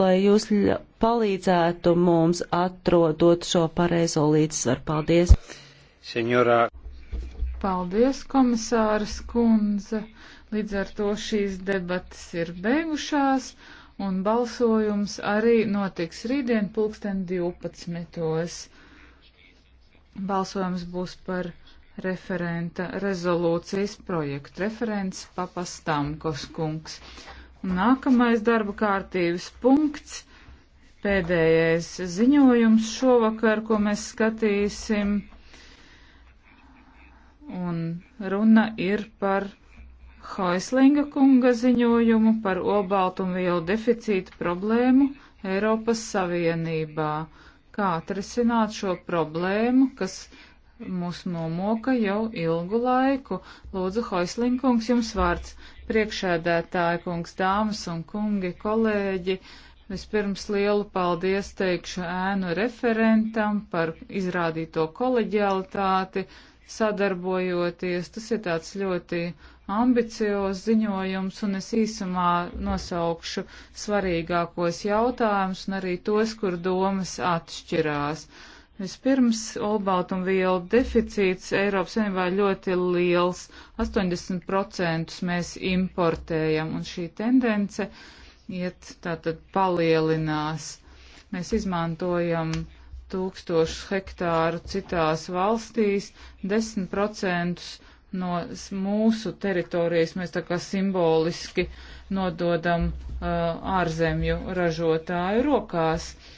lai jūs palīdzētu mums atrodot šo pareizo līdzsvaru. Paldies! Senjorā. Paldies, komisāras kundze! Līdz ar to šīs debatas ir beigušās, un balsojums arī notiks rītdien pulksten 12. Balsojums būs par referenta rezolūcijas projektu. Referents papastāmkos kungs. Nākamais darba kārtības punkts, pēdējais ziņojums šovakar, ko mēs skatīsim, un runa ir par Hoislinga kunga ziņojumu par obaltumvielu deficītu problēmu Eiropas Savienībā. Kā atrisināt šo problēmu, kas mūs nomoka jau ilgu laiku? Lūdzu, Hoislinga kungs, jums vārds. Priekšēdētāji, kungs, dāmas un kungi, kolēģi, vispirms lielu paldies teikšu ēnu referentam par izrādīto koleģialitāti, sadarbojoties. Tas ir tāds ļoti ambiciozs ziņojums, un es īsumā nosaukšu svarīgākos jautājumus un arī tos, kur domas atšķirās. Vispirms olbaltumvielu deficīts Eiropas Savienībā ļoti liels. 80% mēs importējam, un šī tendence iet tātad palielinās. Mēs izmantojam tūkstošus hektāru citās valstīs, 10% no mūsu teritorijas mēs tā kā simboliski nododam uh, ārzemju ražotāju rokās. Uh,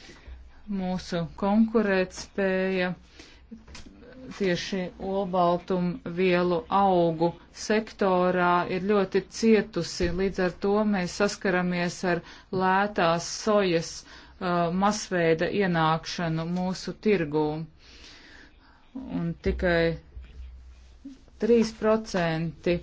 mūsu konkurētspēja tieši olbaltumu vielu augu sektorā ir ļoti cietusi. Līdz ar to mēs saskaramies ar lētās sojas uh, masveida ienākšanu mūsu tirgū. Un tikai 3% uh,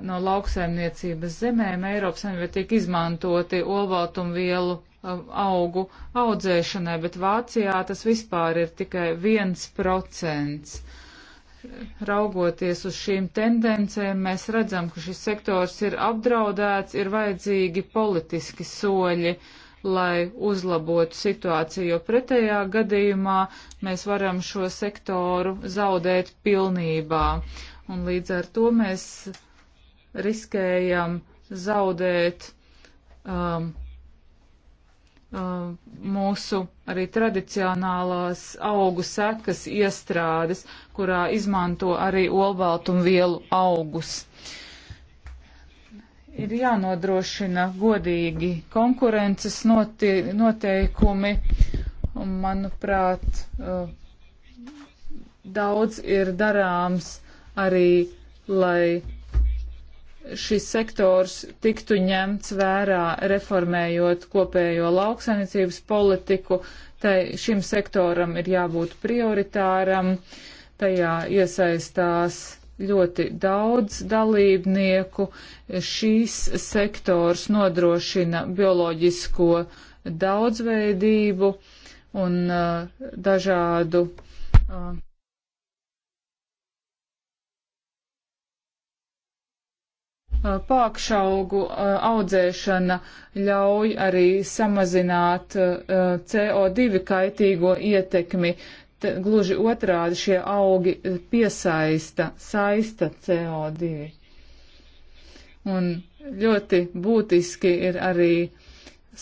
no lauksaimniecības zemēm Eiropas Savienībā tiek izmantoti olbaltumvielu Um, augu audzēšanai, bet Vācijā tas vispār ir tikai viens procents. Raugoties uz šīm tendencēm, mēs redzam, ka šis sektors ir apdraudēts, ir vajadzīgi politiski soļi, lai uzlabotu situāciju, jo pretējā gadījumā mēs varam šo sektoru zaudēt pilnībā. Un līdz ar to mēs riskējam zaudēt um, Uh, mūsu arī tradicionālās augu sekas iestrādes, kurā izmanto arī olbaltumvielu augus. Ir jānodrošina godīgi konkurences notie noteikumi, un, manuprāt, uh, daudz ir darāms arī, lai šis sektors tiktu ņemts vērā reformējot kopējo lauksainicības politiku, tai šim sektoram ir jābūt prioritāram, tajā iesaistās ļoti daudz dalībnieku. Šīs sektors nodrošina bioloģisko daudzveidību un uh, dažādu uh, Pākšaugu audzēšana ļauj arī samazināt CO2 kaitīgo ietekmi. Te, gluži otrādi šie augi piesaista, saista CO2. Un ļoti būtiski ir arī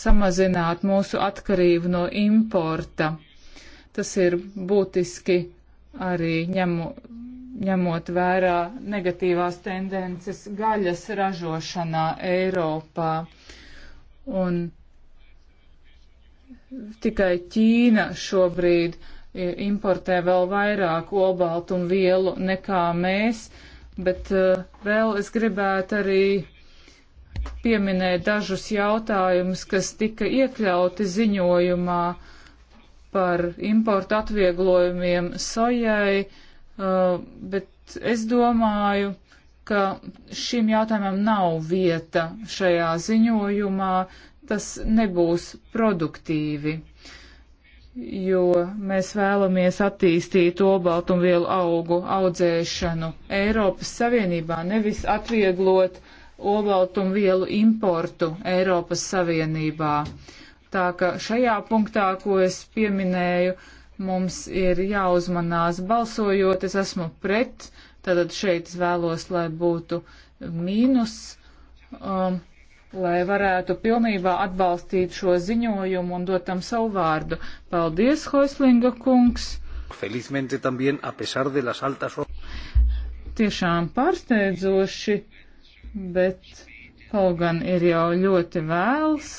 samazināt mūsu atkarību no importa. Tas ir būtiski arī ņemu, ņemot vērā negatīvās tendences gaļas ražošanā Eiropā. Un tikai Ķīna šobrīd importē vēl vairāk olbaltumu vielu nekā mēs, bet uh, vēl es gribētu arī pieminēt dažus jautājumus, kas tika iekļauti ziņojumā par importu atvieglojumiem sojai Uh, bet es domāju, ka šim jautājumam nav vieta šajā ziņojumā, tas nebūs produktīvi, jo mēs vēlamies attīstīt olbaltumvielu augu audzēšanu Eiropas Savienībā, nevis atvieglot olbaltumvielu importu Eiropas Savienībā. Tā ka šajā punktā, ko es pieminēju, uh, Mums ir jāuzmanās balsojot, es esmu pret, tātad šeit es vēlos, lai būtu mīnus, um, lai varētu pilnībā atbalstīt šo ziņojumu un dot tam savu vārdu. Paldies, Hoislinga kungs! Felizmente también, a pesar de las altas. Tiešām pārsteidzoši, bet kaut gan ir jau ļoti vēls,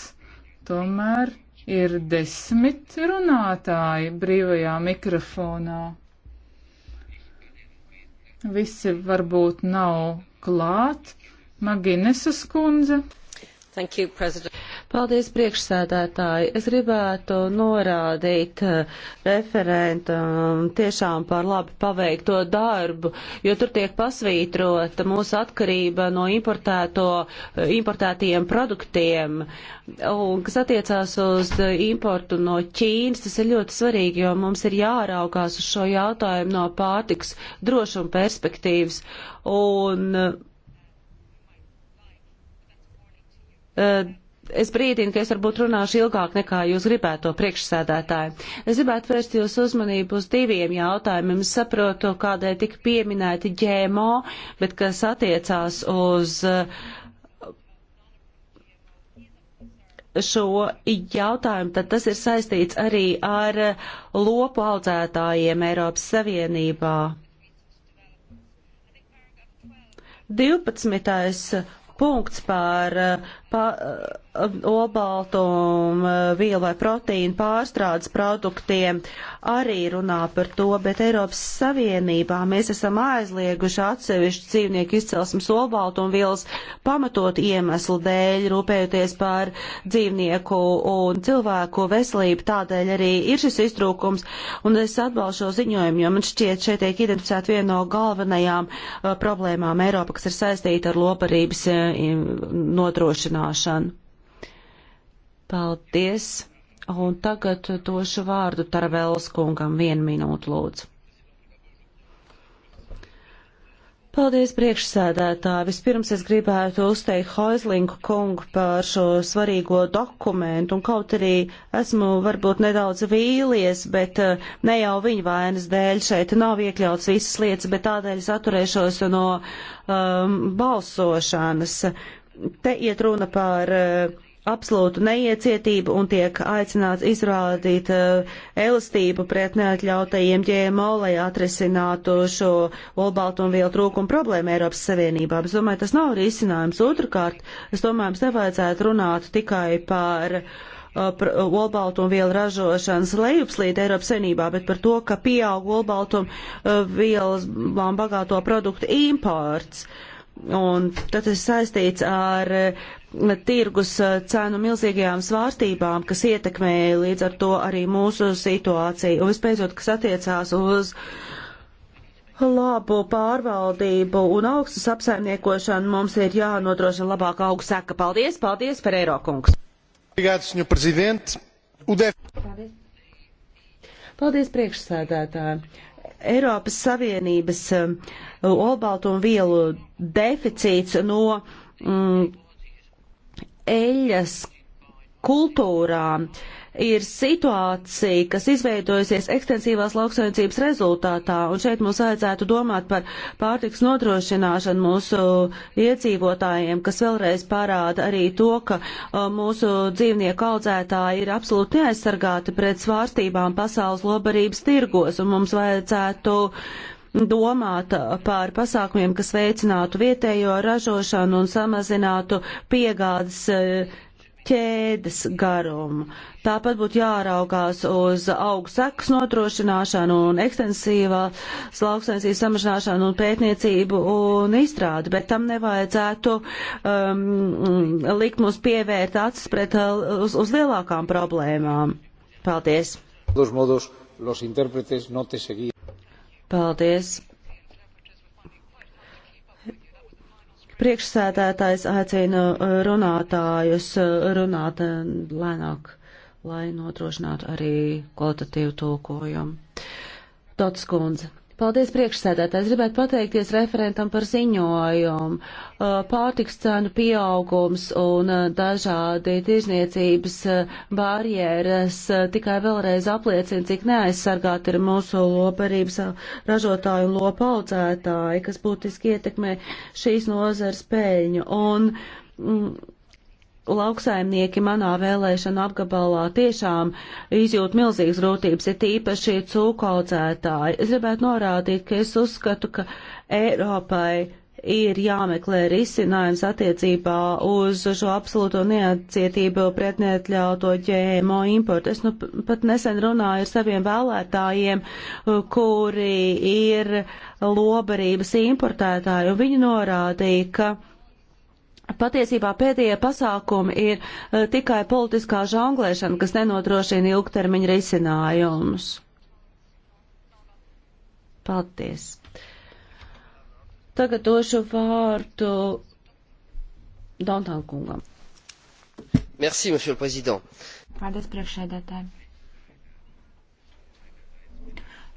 tomēr ir desmit runātāji brīvajā mikrofonā. Visi varbūt nav klāt. Maginesas kundze. Thank you, President. Paldies, priekšsēdētāji. Es gribētu norādīt eh, referentam tiešām par labi paveikto darbu, jo tur tiek pasvītrota mūsu atkarība no eh, importētajiem produktiem. Un, kas attiecās uz importu no Ķīnas, tas ir ļoti svarīgi, jo mums ir jāraukās uz šo jautājumu no pārtiks drošuma perspektīvas. Un, uh, es brīdinu, ka es varbūt runāšu ilgāk nekā jūs gribētu to priekšsēdētāju. Es gribētu vērst jūs uzmanību uz diviem jautājumiem. Es saprotu, kādēļ tika pieminēti ģēmo, bet kas attiecās uz uh, šo jautājumu, tad tas ir saistīts arī ar lopu audzētājiem Eiropas Savienībā. 12. punkts par. Uh, par olbaltumu vielu vai proteīnu pārstrādes produktiem arī runā par to, bet Eiropas Savienībā mēs esam aizlieguši atsevišķu dzīvnieku izcelsmes olbaltumu vielas pamatot iemeslu dēļ, rūpējoties par dzīvnieku un cilvēku veselību. Tādēļ arī ir šis iztrūkums, un es atbalstu šo ziņojumu, jo man šķiet šeit tiek identificēta viena no galvenajām uh, problēmām Eiropā, kas ir saistīta ar loparības uh, nodrošināšanu. Paldies! Un tagad došu vārdu Tarvēlas kungam vienu minūtu lūdzu. Paldies, priekšsēdētāji! Vispirms es gribētu uzteikt Hoizlinku kungu par šo svarīgo dokumentu, un kaut arī esmu varbūt nedaudz vīlies, bet eh, ne jau viņa vainas dēļ šeit nav iekļauts visas lietas, bet tādēļ es atturēšos no um, balsošanas. Te iet runa par uh, absolūtu neiecietību un tiek aicināts izrādīt uh, elastību pret neatļautajiem ģēmo, lai atrisinātu šo olbaltumvielu trūkumu problēmu Eiropas Savienībā. Es domāju, tas nav risinājums. Otrkārt, es domāju, mums nevajadzētu runāt tikai par uh, eh, olbaltumvielu ražošanas lejupslīd Eiropas Savienībā, bet par to, ka pieaug olbaltumvielas eh, um, bagāto produktu imports. Uh, un tas ir saistīts ar eh, tirgus eh, cenu milzīgajām svārstībām, kas ietekmē līdz ar to arī mūsu situāciju. Un vispēcot, kas attiecās uz labu pārvaldību un augstas apsaimniekošanu, mums ir jānodrošina labāka augstseka. Paldies, paldies par Eirokungs! Paldies, paldies priekšsēdētāji! Eiropas Savienības um, olbaltumvielu deficīts no mm, eļas kultūrām ir situācija, kas izveidojusies ekstensīvās lauksaimniecības rezultātā, un šeit mums vajadzētu domāt par pārtiks nodrošināšanu mūsu iedzīvotājiem, kas vēlreiz parāda arī to, ka uh, mūsu dzīvnieku audzētāji ir absolūti neaizsargāti pret svārstībām pasaules lobarības tirgos, un mums vajadzētu domāt par pasākumiem, kas veicinātu vietējo ražošanu un samazinātu piegādes uh, ķēdes garumu. Tāpat būtu jāraugās uz augu sekas notrošināšanu un ekstensīvās lauksainsības samažināšanu un pētniecību un izstrādi, bet tam nevajadzētu um, likt mums pievērt acis pret uh, uz, uz lielākām problēmām. Paldies! Paldies! Priekšsēdētājs aicina uh, runātājus uh, runāt uh, lēnāk, lai notrošinātu arī kvalitatīvu tulkojumu. Dots Kundze. Paldies priekšsēdētājs. Gribētu pateikties referentam par ziņojumu. Uh, pārtiks cenu pieaugums un uh, dažādi tirzniecības uh, barjeras tikai vēlreiz apliecina, cik neaizsargāti ir mūsu loparības ražotāji un lopaudzētāji, kas būtiski ietekmē šīs nozars peļņu. Un, mm, lauksaimnieki manā vēlēšana apgabalā tiešām izjūt milzīgas rūtības, ir tīpaši cūkaudzētāji. Es gribētu norādīt, ka es uzskatu, ka Eiropai ir jāmeklē risinājums attiecībā uz šo absolūto neatcietību pret neatļauto ģēmo importu. Es nu pat nesen runāju ar saviem vēlētājiem, kuri ir lobarības importētāji, un viņi norādīja, ka Patiesībā pēdējie pasākumi ir uh, tikai politiskā žonglēšana, kas nenodrošina ilgtermiņa risinājumus. Paldies. Tagad došu vārdu Dantan kungam. Merci, monsieur le président. Paldies, priekšsēdētāji.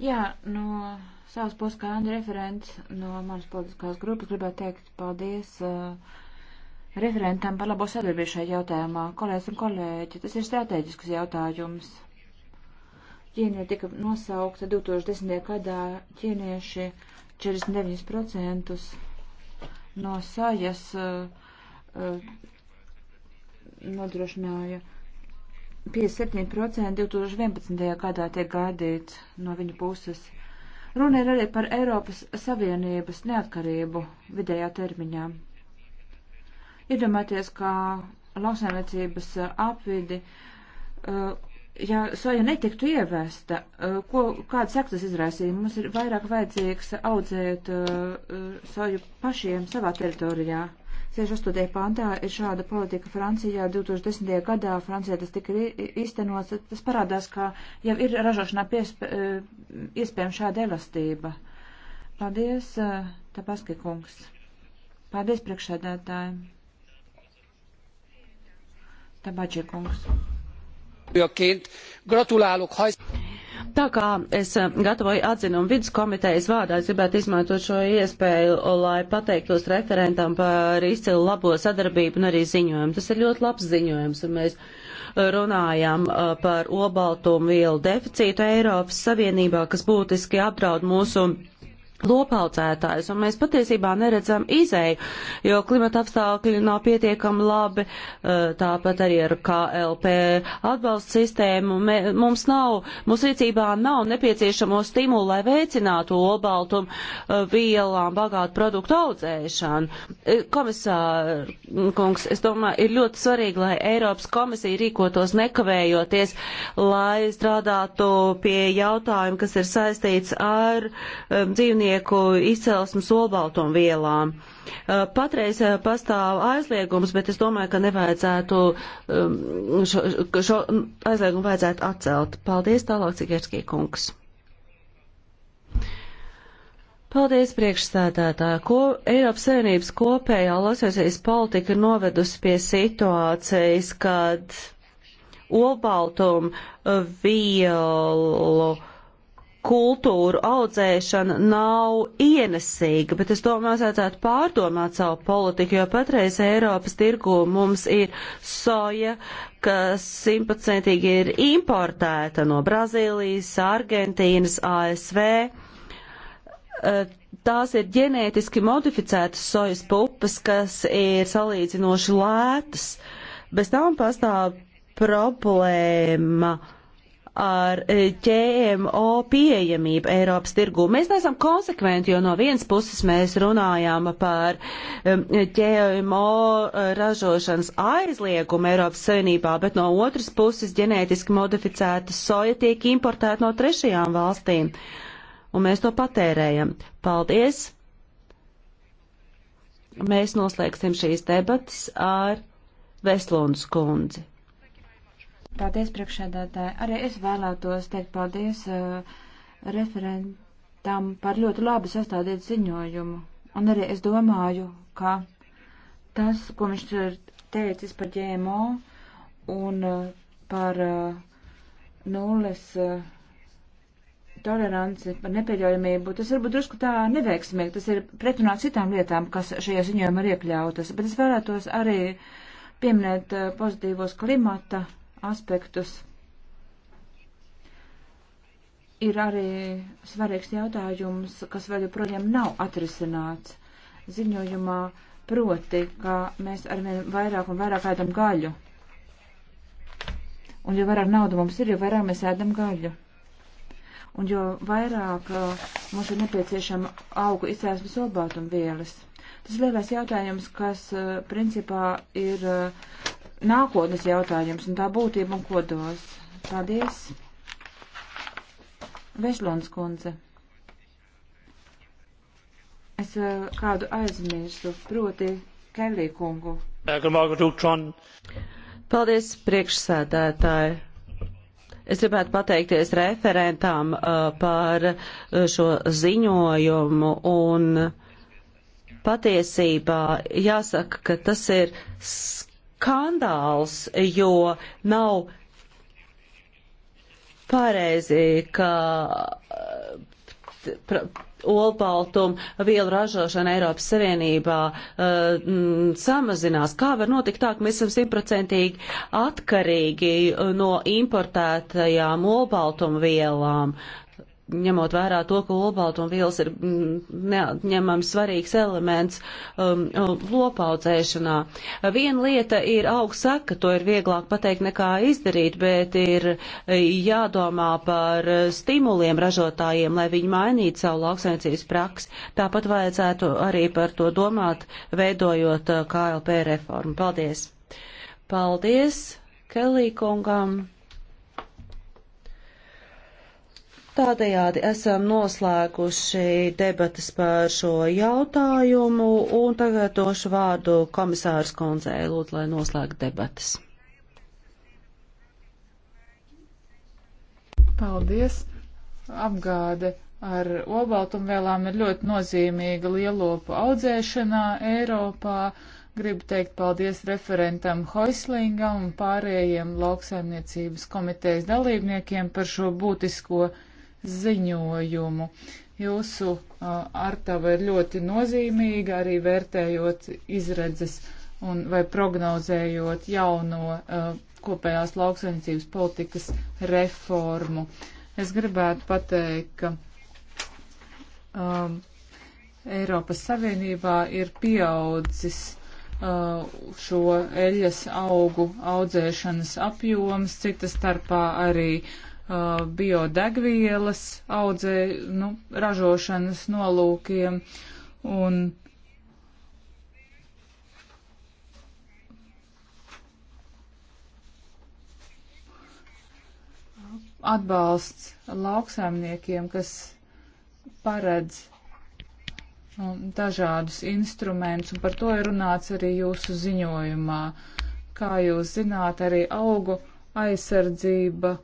Jā, no savas puses, kā referents no manas politiskās grupas, gribētu teikt paldies. Uh, referentam par labo sadarbību šajā jautājumā. Kolēģis un kolēģi, tas ir strateģisks jautājums. Ķīnie tika nosaukta 2010. gadā ķīnieši 49% no sājas uh, uh, nodrošināja 57% 2011. gadā tiek gaidīts no viņa puses. Runa ir arī par Eiropas Savienības neatkarību vidējā termiņā. Iedomājieties, kā lauksaimniecības apvidi, eh, ja soja netiktu ievesta, eh, ko, kāda sekas izraisīja? Mums ir vairāk vajadzīgs audzēt eh, soju pašiem savā teritorijā. 68. pantā ir šāda politika Francijā. 2010. gadā Francijā tas tika īstenots. Tas parādās, ka jau ir ražošanā piespē, iespējama šāda elastība. Paldies, Tapaski kungs. Paldies priekšsēdētājiem. Tabaģi kungs. Gratulāluk, haiz. Tā kā es eh, gatavoju atzinumu vidus komitejas vārdā, es gribētu izmantot šo iespēju, lai pateiktos referentam par izcilu labo sadarbību un arī ziņojumu. Tas ir ļoti labs ziņojums, un mēs runājam eh, par obaltumu vielu deficītu Eiropas Savienībā, kas būtiski apdraud mūsu lopaudzētājus, un mēs patiesībā neredzam izēju, jo klimata apstākļi nav pietiekami labi, eh, tāpat arī ar KLP atbalstu sistēmu. Mums nav, mūsu rīcībā nav nepieciešamo stimulu, lai veicinātu olbaltumu eh, vielām bagātu produktu audzēšanu. Eh, komisār, mm, kungs, es domāju, ir ļoti svarīgi, lai Eiropas komisija rīkotos nekavējoties, lai strādātu pie jautājuma, kas ir saistīts ar dzīvnieku dzīvnieku izcelsmes olbaltumvielām. Uh, patreiz uh, pastāv aizliegums, bet es domāju, ka nevajadzētu um, šo, šo aizliegumu vajadzētu atcelt. Paldies tālāk, Cigerskī kungs. Paldies, priekšstādātāji. Ko Eiropas Savienības kopējā lasvēsīs politika novedusi pie situācijas, kad olbaltumu vielu kultūru audzēšana nav ienesīga, bet es domāju, vajadzētu pārdomāt savu politiku, jo patreiz Eiropas tirgu mums ir soja, kas simtprocentīgi ir importēta no Brazīlijas, Argentīnas, ASV. Eh, tās ir ģenētiski modificētas sojas pupas, kas ir salīdzinoši lētas. Bez tām pastāv problēma. Uh, ar e, ķēmo pieejamību Eiropas tirgū. Mēs neesam konsekventi, jo no vienas puses mēs runājām par e, ķēmo ražošanas aizliegumu Eiropas Savienībā, bet no otras puses ģenētiski modificēta soja tiek importēta no trešajām valstīm. Un mēs to patērējam. Paldies! Mēs noslēgsim šīs debatas ar Veslundas kundzi. Paldies, priekšēdētāji. Arī es vēlētos teikt paldies uh, referentam par ļoti labi sastādītu ziņojumu. Un arī es domāju, ka tas, ko viņš ir teicis par ģēmo un uh, par uh, nulles uh, toleranci, par nepieļaujamību, tas varbūt drusku tā neveiksmīgi, tas ir pretrunā citām lietām, kas šajā ziņojumā ir iekļautas, bet es vēlētos arī pieminēt uh, pozitīvos klimata aspektus. Ir arī svarīgs jautājums, kas vēl joprojām nav atrisināts ziņojumā, proti, ka mēs arvien vairāk un vairāk ēdam gaļu. Un jo vairāk naudu mums ir, jo vairāk mēs ēdam gaļu. Un jo vairāk uh, mums ir nepieciešama augu izcēlesmes olbaltumvielas. Tas lielais jautājums, kas uh, principā ir uh, nākotnes jautājums un tā būtība un kodos. Paldies. Veslons kundze. Es eh, kādu aizmirsu, proti Kelly kungu. Paldies, priekšsēdētāji. Es gribētu pateikties referentām uh, par eh, šo ziņojumu un patiesībā jāsaka, ka tas ir skaidrs skandāls, jo nav pareizi, ka eh, olbaltumu vielu ražošana Eiropas Savienībā uh, m, samazinās. Kā var notikt tā, ka mēs esam simtprocentīgi atkarīgi eh, no importētajām olbaltumu vielām? ņemot vērā to, ka olbaltumvielas ir mm, neatņemami svarīgs elements um, um, lopaudzēšanā. Viena lieta ir augsaka, to ir vieglāk pateikt nekā izdarīt, bet ir eh, jādomā par stimuliem ražotājiem, lai viņi mainītu savu lauksaimniecības praksi. Tāpat vajadzētu arī par to domāt, veidojot eh, KLP reformu. Paldies! Paldies Kelī kungam! Tādējādi esam noslēguši debatas par šo jautājumu, un tagad došu vārdu komisārs Konzē, lūdzu, lai noslēgtu debatas. Paldies! Apgāde ar olbaltumvielām ir ļoti nozīmīga lielopu audzēšanā Eiropā. Gribu teikt paldies referentam Hoislingam un pārējiem lauksaimniecības komitejas dalībniekiem par šo būtisko ziņojumu. Jūsu uh, artava ir ļoti nozīmīga arī vērtējot izredzes un vai prognozējot jauno uh, kopējās lauksainicības politikas reformu. Es gribētu pateikt, ka um, Eiropas Savienībā ir pieaudzis uh, šo eļas augu audzēšanas apjoms, cita starpā arī uh, Uh, biodegvielas audzē, nu, ražošanas nolūkiem. Un atbalsts lauksaimniekiem, kas paredz um, dažādus instrumentus, un par to ir runāts arī jūsu ziņojumā. Kā jūs zināt, arī augu aizsardzība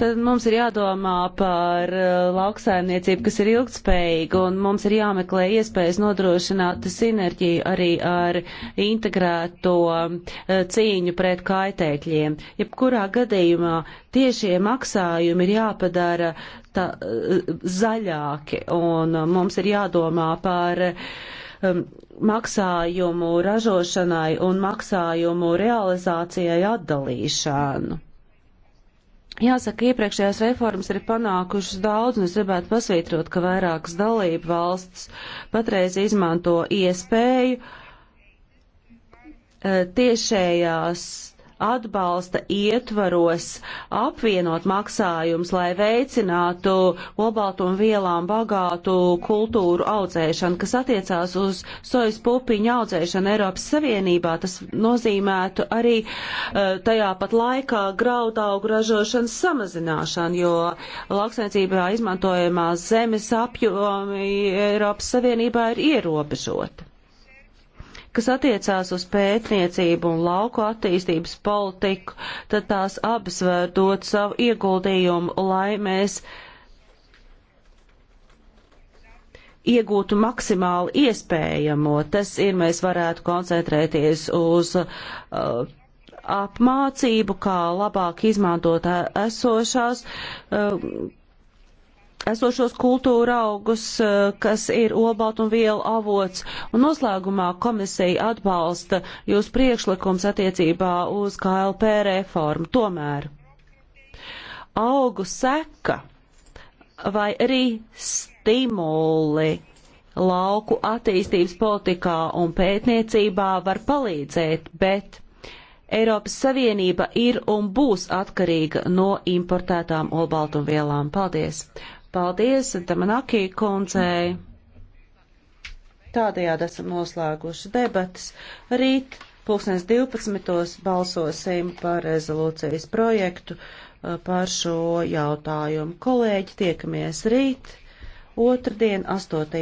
tad mums ir jādomā par uh, lauksaimniecību, kas ir ilgtspējīga, un mums ir jāmeklē iespējas nodrošināt sinerģiju arī ar integrēto uh, cīņu pret kaitēkļiem. Jebkurā gadījumā tiešie maksājumi ir jāpadara tā, uh, zaļāki, un mums ir jādomā par um, maksājumu ražošanai un maksājumu realizācijai atdalīšanu. Jāsaka, iepriekšējās reformas ir panākušas daudz, un es gribētu pasvītrot, ka vairākas dalība valsts patreiz izmanto iespēju eh, tiešējās atbalsta ietvaros apvienot maksājums, lai veicinātu olbaltumvielām bagātu kultūru audzēšanu, kas attiecās uz sojas pupiņu audzēšanu Eiropas Savienībā. Tas nozīmētu arī eh, tajā pat laikā graudaugu ražošanas samazināšanu, jo lauksaimniecībā izmantojamās zemes apjomi Eiropas Savienībā ir ierobežoti kas attiecās uz pētniecību un lauku attīstības politiku, tad tās abas var dot savu ieguldījumu, lai mēs iegūtu maksimāli iespējamo. Tas ir, mēs varētu koncentrēties uz uh, apmācību, kā labāk izmantot uh, esošās uh, esošos kultūra augus, eh, kas ir olbaltumvielu avots, un noslēgumā komisija atbalsta jūs priekšlikums attiecībā uz KLP reformu. Tomēr augu seka vai arī stimuli lauku attīstības politikā un pētniecībā var palīdzēt, bet Eiropas Savienība ir un būs atkarīga no importētām olbaltumvielām. Paldies! Paldies Damanakī kundzei. Tādējādi esam noslēguši debatas. Rīt pulkstens 12. balsosim par rezolūcijas projektu eh, par šo jautājumu. Kolēģi, tiekamies rīt, otrdien, 8.